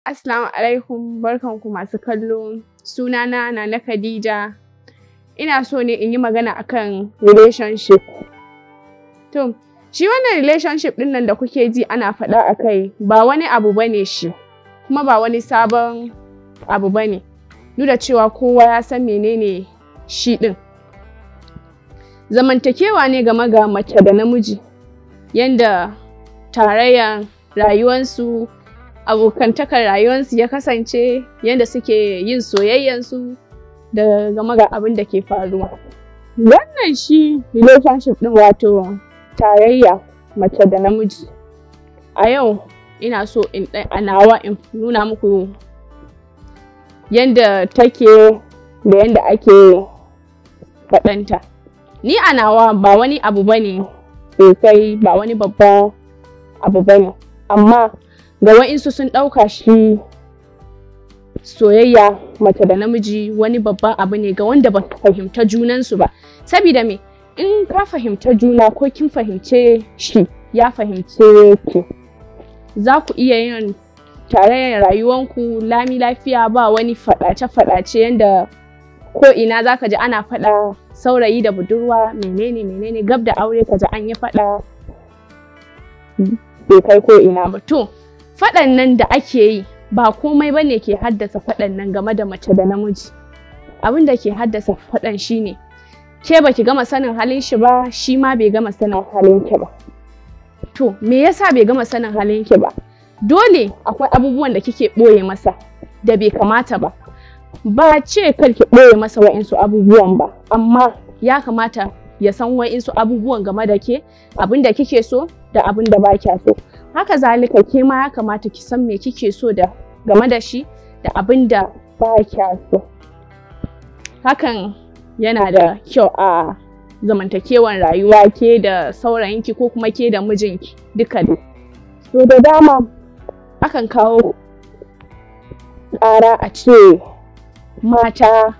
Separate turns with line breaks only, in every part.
Assalamu alaikum ku masu kallo sunana na na Khadija ina so ne in yi magana akan relationship to shi wannan relationship din nan da kuke ji ana faɗa a kai ba wani abu bane shi kuma ba wani sabon abu bane duk da cewa kowa ya san menene shi din zamantakewa ne game ga mace da namiji yanda tarayyan rayuwarsu abokantakar rayuwarsu ya kasance yadda suke yin soyayyansu da game ga abin da ke faruwa. Wannan shi relationship ɗin wato tarayya mace da namiji. A yau ina so in ɗan anawa in nuna muku yadda take da yadda ake faɗanta. Ni anawa ba wani abu ba ne, sosai ba wani babban abu ba ne, amma ga wa'insu sun ɗauka shi soyayya mace da namiji wani babban abu ne ga wanda ba fahimta junansu ba sabida me in ka fahimta juna ko kin fahimce shi ya fahimce ki za ku iya yin tarayyar rayuwanku lami lafiya ba wani faɗace-faɗace yadda ko ina za ka ji ana faɗa saurayi da budurwa menene menene gab da aure ka ji an yi faɗa bai kai ko ina ba to faɗan nan da ake yi ba komai bane ke haddasa faɗan nan game da mace da namiji abin da ke haddasa faɗan shine ke ba ki gama sanin halin shi ba shi ma bai gama sanin halin ki ba to me yasa bai gama sanin halin ki ba dole akwai abubuwan da kike ɓoye masa da bai kamata ba ba ce kar ki ɓoye masa wa'insu abubuwan ba amma ya kamata ya san wa'insu abubuwan game da ke abin da kike so da abin da ba kya so haka zalika ke ma ya kamata ki san me kike so da game da shi da abin da ba kya so hakan yana da kyau a zamantakewan rayuwa ke da saurayinki ko kuma ke da mijinki duka ne so da dama akan kawo ƙara a ce mata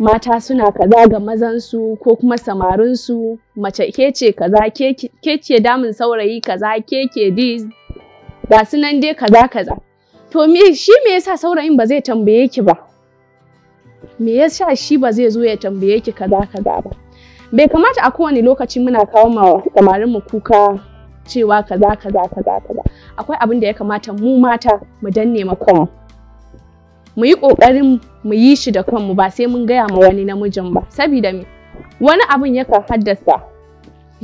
mata suna kaza ga su ko kuma samarinsu mace ke ce kaza ke ce damun saurayi kaza ke ke dis ga su nan dai kaza kaza to me shi me yasa saurayin ba zai tambaye ki ba me yasa shi ba zai zo ya tambaye ki kaza kaza ba bai kamata a kowane lokaci muna kawo ma samarin mu kuka cewa kaza kaza kaza kaza akwai abin da ya kamata mu mata mu danne mu kanmu mu yi ƙoƙarin mu yi shi da kanmu ba sai mun gaya ma wani namijin ba sabida me wani abun kan haddasa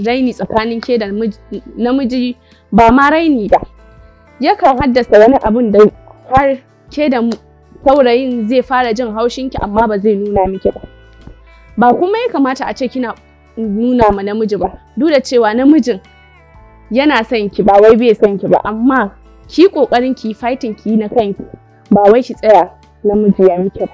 raini tsakanin ke da namiji ba ma raini ba Ya kan haddasa wani abun da har ke da saurayin zai fara jin haushin ki amma ba zai nuna miki ba ba kuma ya kamata a ce kina nuna ma namiji ba duk da cewa namijin yana son ki ba wai bai son ki ba amma ki kokarin ki fighting ki na kanki ba wai ki tsaya plano de Antioch.